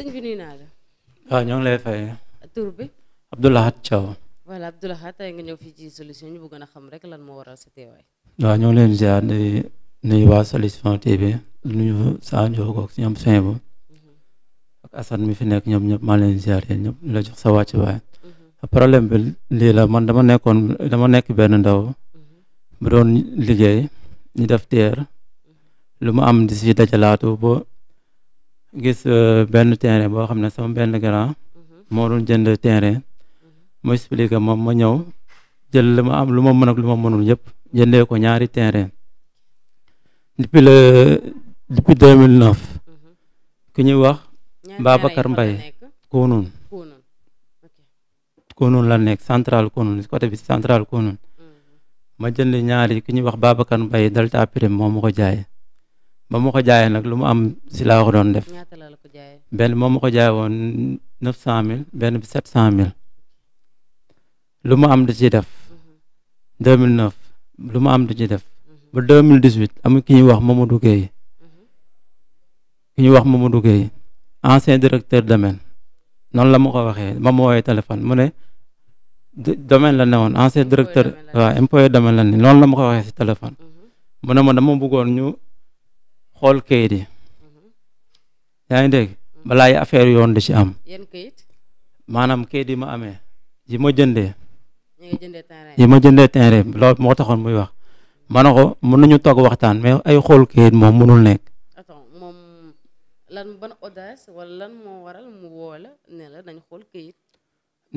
sëñ bi nuyu naa la. waaw ñoo ngi lay fay. tur bi. Abdoulahat Thiaw. voilà nga ñëw fii ci solution ñu bëggoon a xam rek lan moo waral sa teewaay. waaw ñoo ngi leen ziar di nuyu waa solution TV di nuyu Sa Ndiogou ak ñoom Sèye mhm. bu mi fi nekk ñoom ñëpp maa leen ziar yéen ñëpp la jox sa wàcc waay. Mhm. problème bi lii la man dama nekkoon dama nekk benn ndaw. bu mhm. doon liggéey ñu def lu mu am di si dajalaatu gis euh, benn terrain boo xam ne sama benn gara mhm. moo doon jënd terrain mhm. mu expliqué moom ma ñëw jël lu ma am lu ma mën ak lu ma mënul yëpp jëndee ko ñaari terrain depuis le depuis 2009 mhm. ki ñuy wax Babacar Mbaye Kounoun Kounoun la nekk central Kounoun côté bi central Kounoun ma jënd ñaari ki ñuy wax Babacar Mbaye Delta Prime moom ma ko jaay ba ma ko jaayee nag lu mu am si laa ko doon def benn moom ma ko jaay woon neuf cent mille benn bi sept cent mille lu mu am du ci def mm-hmm. deux mille neuf lu mu am du ci def mm-hmm. ba deux mille dix huit ki ñuy wax Mamadou Gueye mm-hmm. ki ñuy wax Mamadou Gueye ancien directeur domaine noonu la ma ko waxee ma ma woowee téléphone mu ne domaine la ne woon ancien directeur waaw employé domaine la ne noonu la ma ko waxee si téléphone mu ne ma dama bëggoon xool kayit yi yaa ngi dégg balaa yi affaire yoon di ci am maanaam kayit yi ma amee yi ma jëndee yi ma jëndee terrain lool moo taxoon muy wax ma ne ko mën nañu toog waxtaan mais ay xool kayit moom mënul nekk lan ban audace wala lan moo waral mu woo la dañ xool këyit.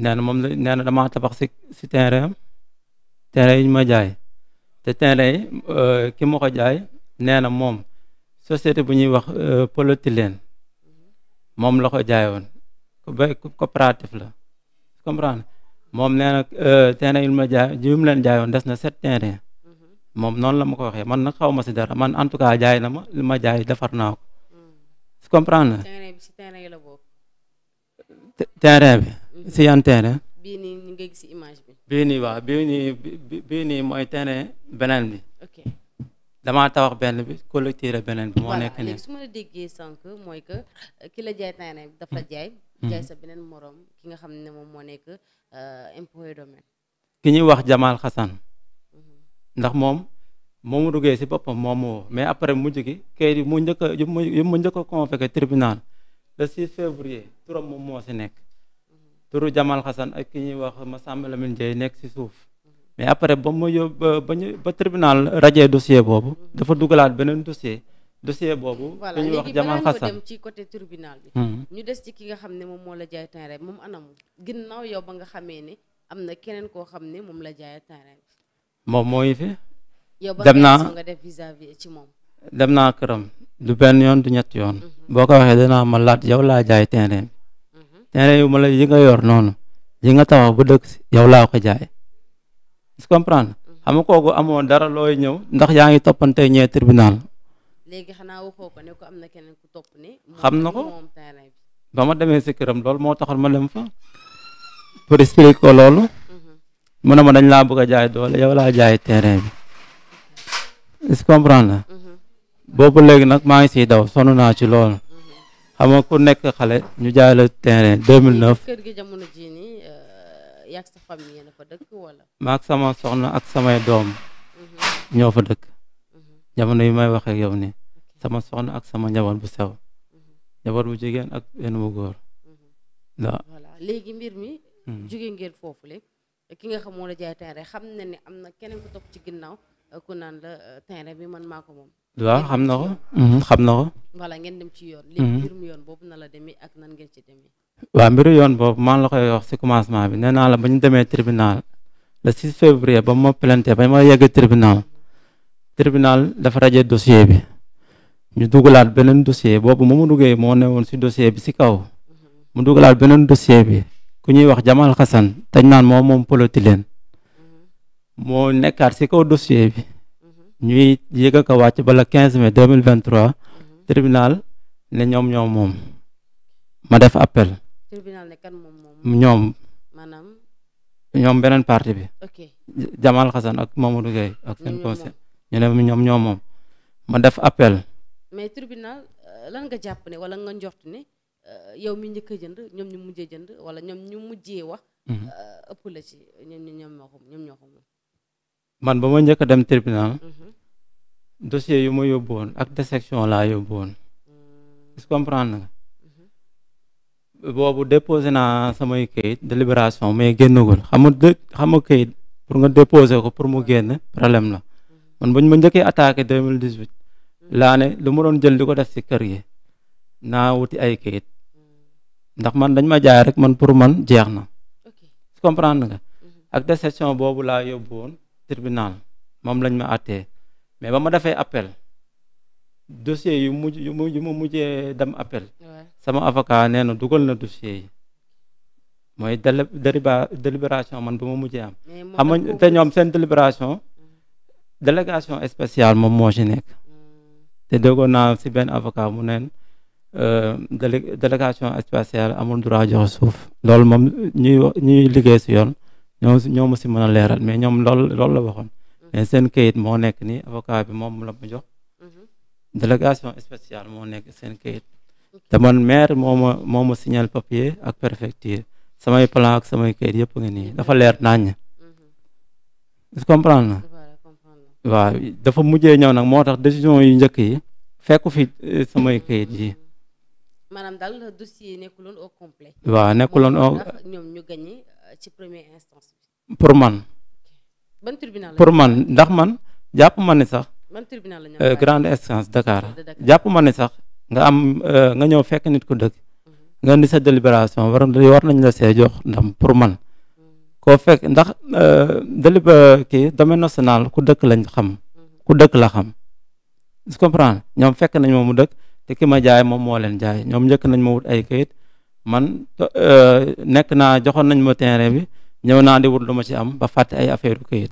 nee moom la dama tabax si si terrain am yi ñu ma jaay te terrain yi euh, ki ma jaay nee na moom société bu ñuy wax euh, polyéthylène moom la ko jaayoon coopérative la comprendre moom nee na euh, terrain yu ma jaay yu leen jaayoon des na sept terrain moom noonu la ma ko waxee man na xaw ma si dara man en tout cas jaay na ma li ma jaay defar naa ko su mm. comprendre terrain bi mm-hmm. si yan terrain bii nii ñu ngi gis image bi bii nii waaw bii nii mooy terrain beneen bi damaa tabax benn bi collecté beneen bi moo nekk nii su ma la déggee sànq mooy que euh, ki la jaay tànn dafa hmm. jaay hmm. jaay sa beneen moroom ki nga xam ne moom moo nekk euh, impôt domaine ki ñuy wax Jamal Xasan hmm. ndax moom mu duggee si boppam moom moo mais après mu gi kayit yi mu njëkk a yu mu njëkk a convoqué tribunal le 6 février turam moom moo si nekk turu Jamal Xasan ak ki ñuy wax Massamba Lamine Ndiaye nekk si suuf mais après ba ma yóbbu ba ñu ba tribunal rajee dossier boobu dafa dugalaat beneen dossier dossier boobu voilà ñuy wax jaman xasan dem ci côté tribinal bi hmm. ñu des ci ki nga xam ne moom moo la jaay terrain moom anam ginnaaw yow ba nga xamee ne am na keneen koo xam ne moom la jaay terrain moom moo ngi yow dem naa nga ci moom dem naa këram du benn yoon du ñett yoon mhm. boo ko waxee danaa ma laat yow laa jaay terrain bi mhm. yi nga yor noonu yi nga tabax ba dëkk si yow laa ko jaay est-ce comprendre xam nga kooku amoon dara looy ñëw ndax yaa ngi toppante ñee tribunal. léegi xanaa waxoo ko ne ko am na keneen ku topp ne. xam na ko ba ma demee si këram loolu moo taxoon ma dem fa. pour ko loolu. Mhm. mu ne ma dañ laa bëgg a jaay doole yow laa jaay terrain bi. comprendre mhm. boobu léegi nag maa ngi siy daw sonn naa ci loolu. Mhm. xam nga ku nekk xale ñu jaay la terrain yàgg sa famille yéen a fa dëkk wala. maak sama soxna ak samay doom. Mhm. ñoo fa dëkk. Mhm. jamono yi may wax ak yow nii. sama soxna ak sama njaboot bu sew. Mhm. njaboot bu jigéen ak benn bu góor. léegi mbir mi. Hmm. jóge ngeen foofu léegi. ki nga xam moo la jaay terrain xam na ni am na keneen ku topp ci ginnaaw euh, ku naan la euh, terrain bi man maa ko moom. waaw xam na ko. Hmm, xam na ko. voilà ngeen dem ci yoon. Hmm. léegi mbirum yoon boobu na la demee ak nan ngeen ci demee. waa mbiru yoon boobu maa la koy wax si commencement bi nee naa la ba ñu demee tribunal le 6 février ba ma plainte ba ma yegg tribunal tribunal dafa raje dossier bi ñu dugalaat beneen dossier boobu mu mu duggee moo ne woon si dossier bi si kaw mu dugalaat beneen dossier bi ku ñuy wax Jamal Xasan dañ naan moom moom Poletilène moo nekkaat si kaw dossier bi ñuy yëg a ko wàcc ba le 15 mai 2023 tribunal ne ñoom ñoom moom ma def appel. tribunal ne kan moom moom. ñoom. maanaam. ñoom beneen parti bi. ok Jamal Xasan ak Mamadou Gueye ak seen conseil ñu ne ñoom ñoom moom ma def appel. mais tribunal euh, lan nga jàpp ne wala nga njort ne euh, yow mi njëkk a jënd ñoom ñu mujjee jënd wala ñoom ñu mujjee wax. Mhm. Euh, ëpp la ci ñoom ñoom ñoo ko ñoom ñoo ko moom. man ba ma njëkk a dem tribunal. Mhm. dossier yu ma yóbbu woon ak désection laa yóbbu woon. Mm. comprendre nga. boobu déposé naa samay kayit délibération mais génnagul xam nga xam nga kayit pour nga déposé ko pour mu génn problème la man buñ ma njëkkee attaqué deux mille dix huit laa ne lu ma doon jëldi ko def si kër gi naa wuti ay kayit ndax man dañ ma jaay rek man pour man jeex na comprendre nga mhm. ak déception boobu laa yóbbu woon tribunal moom lañ ma àttee mais ba ma defee appel dossier yu mujj yu mu yu ma mujjee dem appel sama avocat nee na dugal na dossier mooy déliba délibération man ba ma mujjee am xam te ñoom seen délibération mm. délégation spéciale moom moo ci nekk mm. te déggoon naa si benn avocat mu neen euh, délé délégation spéciale amul droit joxe suuf loolu moom ñuy liggéey si yoon ñoo ñoo mu si mën a leeral mais ñoom loolu loolu la waxoon mm. mais seen kayit moo nekk nii avocat moom la mu jox mm-hmm. délégation spéciale moo nekk seen kayit te man maire moo ma moo ma signal papier ak préfecture samay plan ak samay kayit yëpp nga nii dafa leer naññ mhm. comprendre na waaw dafa mujjee ñëw nag moo tax décision yu njëkk yi fekku fi euh, samay kayit yi mhm. maanaam daal dossier yi nekkuloon au complet waaw nekkuloon au ñoom ñu euh, ci première pour man ban tribunal pour man ndax man jàpp ma ne sax ban tribunal la euh, grande instance Dakar jàpp ma sax nga am euh, nga ñëw fekk nit ku dëkk nga indi sa délibération war nañ la see jox ndam pour man koo fekk ndax euh, délibé kii domaine national ku dëkk lañ xam ku dëkk la xam tu comprends ñoom fekk nañ moom mu dëkk te ki ma jaay moom moo leen jaay ñoom njëkk nañ ma wut ay kayit man euh, nekk naa joxoon nañ ma terrain bi ñëw naa di wut lu ma ci am ba fàtte ay affaire u kayit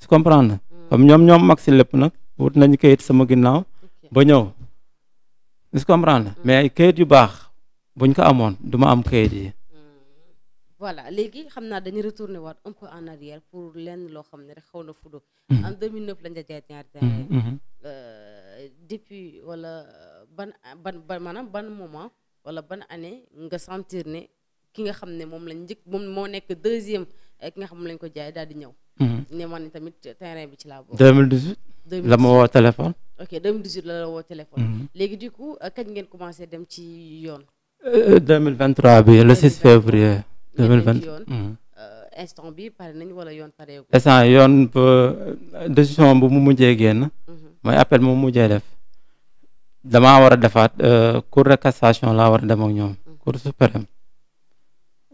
tu ñoom ñoom mag si lépp nag wut nañ kayit sama ginnaaw ba ñëw est-ce que comprendre mais kayit yu baax buñ ko amoon duma am kayit yi. voilà léegi xam naa dañuy retourner waat un peu en arrière pour lenn loo xam ne rek xaw na fudo mhm. en 2009 lañ la jaay ñaari terrain mhm, mhm. Euh, depuis wala ban ban maanaam ban moment wala ban année nga sentir ne ki nga xam ne moom lañ njëkk moom moo nekk deuxième eh, ki nga xam ne lañ ko jaay daal di ñëw. ne man tamit terrain bi ci laa bokk. la ma woo téléphone. ok 2018 la la woo téléphone. Mhm. léegi du coup euh, kañ ngeen commencé dem ci yoon. 2023 euh, bi le 6 février. 2023 mhm. euh, instant bi pare nañ wala yoon pareegul. instant yoon ba décision bu mu mujjee génn. Mhm. mooy appel mu mujjee def. damaa war defaat cour de cassation laa war a dem ak ñoom. cour suprême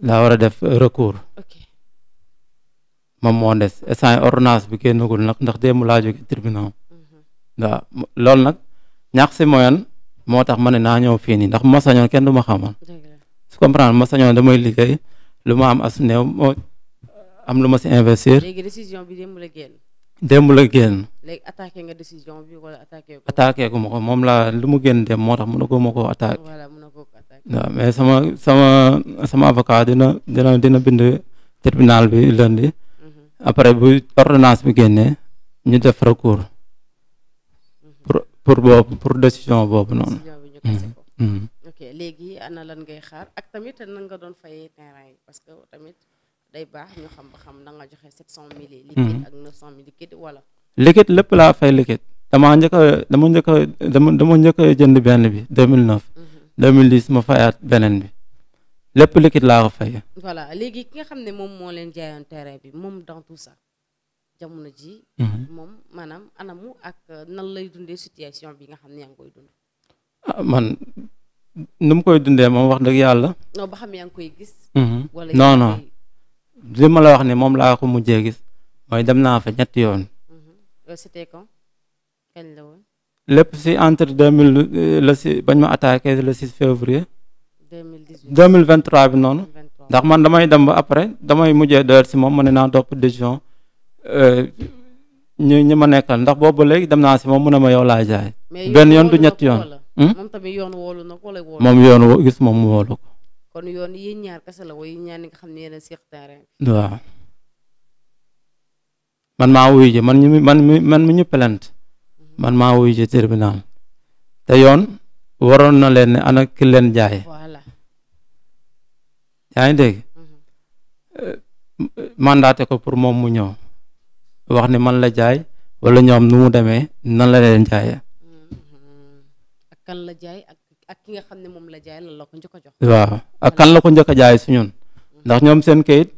laa war a def recours. moom moo des instant ordonnance bi génnagul ndax démb laa jóge tribunal waaw loolu nag si moyen moo tax ma ne naa ñëw fii nii ndax ma sañoon kenn du ma xamal su comprendre ma sañoon damay liggéey ma am as néew ma si investir. léegi décision bi démb la génn. la génn. léegi attaqué nga décision bi ma ko moom laa lu mu génn dem moo tax mën na ko ma koo attaqué. voilà mën na koo attaqué. waaw mais sama sama dina dina dina bi lundi. après bu ordonnance bi génnee ñu def recours pour pour boobu pour décision boobu noonu. Mm-hmm. Mm-hmm. ok léegi ana lan ngay xaar ak tamit nan nga doon fayee terrain yi parce que tamit day baax ñu xam xam da nga joxe set cent mille mm-hmm. liquide ak neuf cent mille liquide wala. liquide lépp laa fay liquide damaa njëkk a dama njëkk a dama dama njëkk a jënd benn bi 2009. 2010 ma fayaat beneen bi. lépp liquide laa ko fay. voilà léegi ki nga xam ne moom moo leen jaayoon terrain bi moom dans tout ça jamono ji mhm. moom maanaam ana mu ak euh, nan lay dundee situation bi nga xam ne yaa ngi koy dund. ah man nu koy dundee moom wax dëgg yàlla. non ba xam yaa ngi koy gis. Mhm. wala non non li ma la wax ne moom laa ko mujjee gis mooy dem naa fa ñett yoon. Mhm. Euh, c'était quand kañ la woon. lépp si entre deux mille euh, la si bañ ma attaqué le 6 février. 2023 bi noonu ndax man damay dem ba après damay mujjee doyal si moom ma ne naa topp décision euh, ñu ñi ma nekkal ndax boobu léegi dem naa si moom mu ne ma yow laa jaay benn yoon du ñetti yoon hmm? moom tamit yoon woolu na yoon gis moom woolu ko kon yoon yéen ñaar kese la waaye ñaar xam ne yéen a seq man maa wuyu ji man ñu man mi man mi ñu plainte mhm. man maa wuyu ji tribunal te yoon waroon na leen ne ana ki leen jaay yaa ngi dégg mm-hmm. eh, mandaté ko pour moom mu ñëw wax ni man la jaay wala ñoom nu mu demee nan la leen jaayee. Mm-hmm. ak kan la jaay ak ak ki nga xam ne moom la jaay la la ko njëkk a jox. waaw a kan la ko njëkk a jaay su ñun mm-hmm. ndax ñoom seen kayit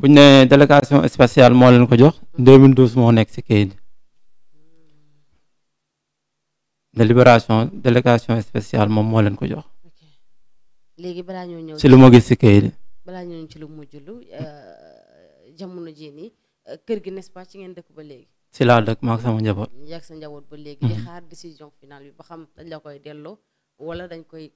buñ ne délégation spéciale moo leen ko jox 2012 moo nekk si kayit délibération délégation spéciale moom moo leen ko jox. léegi balaa ñoo ñëw ci lu ma gis ci kayit balaa ñoo ñu ci lu mujj lu euh, jamono jii nii euh, kër gi n'est-ce pas ci ngeen dëkk ba léegi. si laa dëkk maak sama njaboot. yaa sa njaboot ba léegi. di mm-hmm. xaar décision finale bi ba xam dañ la koy delloo wala dañ koy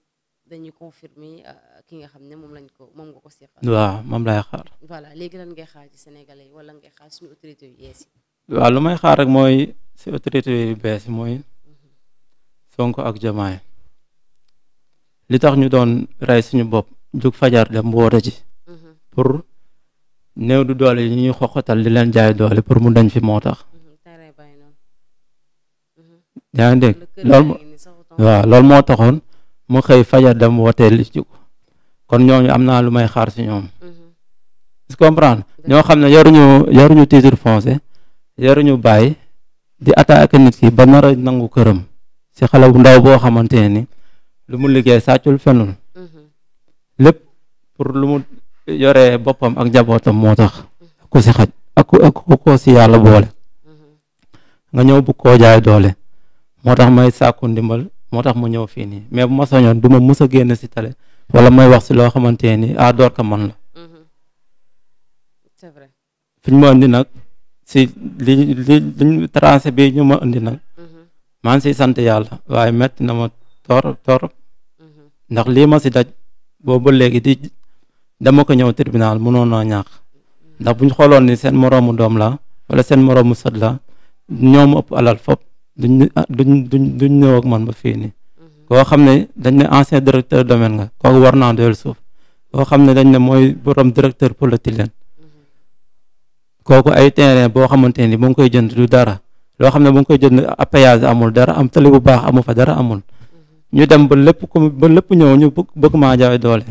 dañuy confirmer euh, ki nga xam ne moom lañ ko moom nga ko seqal. waaw moom laay xaar. voilà léegi lan ngay xaar ci Sénégalais yi wala ngay xaar suñu autorité yu yees waaw lu may xaar rek mooy ci autorité yu bees yi mooy mm-hmm. Sonko ak Diomaye. li tax ñu doon rey suñu bopp jug fajar dem woote ci mm-hmm. pour néew du doole yi ñuy xoxotal di leen jaay doole pour mu dañ fi moo tax mm-hmm. mm-hmm. yaa ngi lool moo taxoon mu xëy fajar dem wootee li ci kon ñooñu am naa lu may xaar si ñoom tu comprends ñoo xam ne yaruñu yaruñu titre foncier yaruñu bàyyi di attaquer nit ki ba nar nangu këram si xale bu ndaw boo xamante ni lu mu liggéey sàccul fenul mm-hmm. lépp pour lu mu yoree boppam ak njabootam moo tax ku si xaj ak ak ku ko si yàlla boole mm-hmm. nga ñëw bu koo jaay doole moo tax may sàkku ndimbal moo tax mu ñëw fii nii mais bu ma soñoon du ma mus a génn si tale wala may wax si loo xamante ni ah door ka man la mm-hmm. c'est ma indi nag si li li liñ bi ñu ma indi nag maa ngi siy yàlla waaye metti na ma torop torop ndax lii ma si daj boobu ba léegi di dama ko ñëw tribunal mënoon naa ñàkk ndax bu ñu xooloon ni seen moroomu doom la wala seen moroomu sët la ñoom ëpp alal fop duñ duñ duñ duñ ñëw ak man ba fii nii koo xam ne dañ ne ancien directeur domaine nga kooku war naa doyal suuf koo xam ne dañ ne mooy borom directeur polytechnique kooku ay terrain boo xamante ni bu ngi koy jënd du dara loo xam ne bu ngi koy jënd péage amul dara am tali bu baax amu fa dara amul ñu dem ba lépp ku ba lépp ñëw ñu bëgg maa jaay doole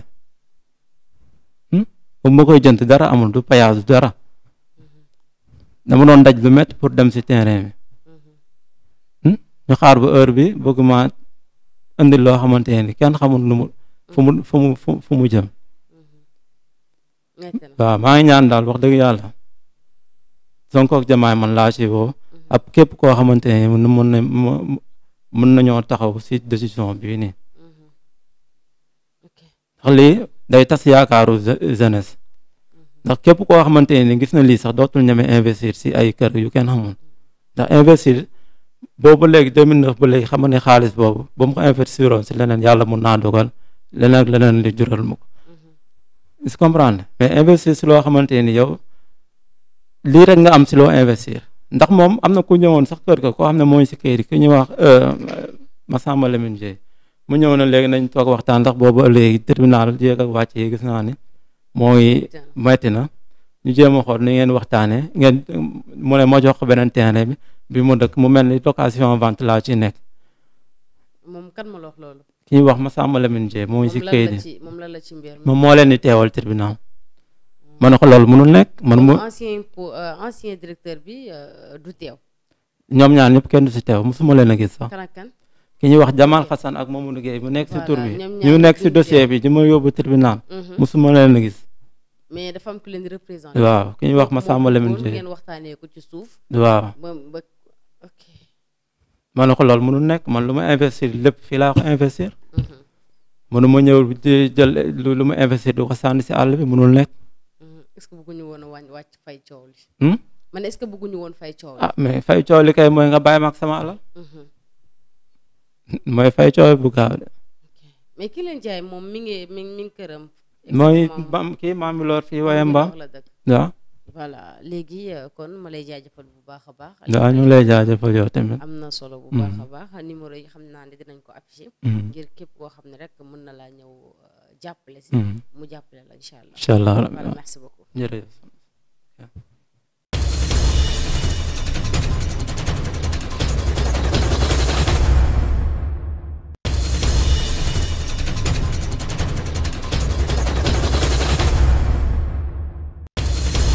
hmm? ba ma koy jënd dara amul du payaas dara dama doon daj lu métti pour dem si terrain hmm? Hmm? ñu xaar ba heure bi bëgg maa indi loo xamante ni kenn xamul lu mu fu mu fu mu fu mu daal wax dëgg yàlla Sonko ak Diomaye man laa ci woo ab képp koo xamante ne mën na mën nañoo taxaw ci décision bii nii mm-hmm. lii day tas yaakaaru jeunesse mm-hmm. ndax képp koo xamante ni gis na lii sax dootul ñeme investir si ay kar yu kenn xamul investir boobu léegi 2009 ba léegi xam ne xaalis boobu ba mu ko investiroon ci leneen yàlla mun naa dogal leneen ak leneen li jural mu ko is mm-hmm. comprendre mais investir ci loo xamante ni yow lii rek nga am ci loo investir ndax moom am na ku ñëwoon sax kër ga koo xam ne mooy si kër ki ñuy wax euh, Massamba Lamine Dieng mu ñëw na léegi nañ toog waxtaan ndax boobu léegi terminal yéeg ak wàcc yi gis naa ni mooy metti na ñu jéem a xool ni ngeen waxtaanee ngeen mu ne ma jox beneen terrain bi bi mu dëkk mu mel ni location vente laa ci nekk. moom kan ma la wax loolu. ki ñuy wax Massamba Lamine Dieng mooy si kër yi moom moo leen di teewal tribunal ma ne ko loolu mënul nekk man mu ancien euh, ancien directeur bi euh, du teew. ñoom ñaar ñëpp kenn du si teew mosuma leen a gis sax. ki ñuy wax Jamal Xasan ak Mamadou Gueye mu nekk si tur bi nekk si dossier bi ñu ma yóbbu tribunal. Mhm. mosuma leen gis. mais dafa leen représenté. waaw ki ñuy wax Massamba Lamine Dieng ngeen waxtaanee ko ci suuf. waaw ba ok. ma ne ko loolu mënul nekk man lu ma investir lépp fii laa ko investir. Mhm. mënu ma ñëw di jël lu ma investir di ko sànni si àll bi mënul nekk. est-ce que bëgguñu woon a wàññi wàcc fay coow li. Hmm? man a ce que bëgguñu woon fay coow li. ah mais fay coow kay mooy nga bàyyi ma sama alal. Mhm. mooy fay coow bu gaaw de. mais ki leen jaay moom mi ngi mi ngi këram. mooy bam kii maam fii Wayemba waaw. voilà léegi euh, kon ma lay jaajëfal bu baax a baax. waaw ñu lay jaajëfal yow tamit. am na solo bu baax a mhm. baax numéro yi xam naa ne dinañ ko affiché. Mhm. ngir képp koo xam ne rek mën na laa ñëw. Euh, jàppale si mhm. mu jàppale la incha allah incha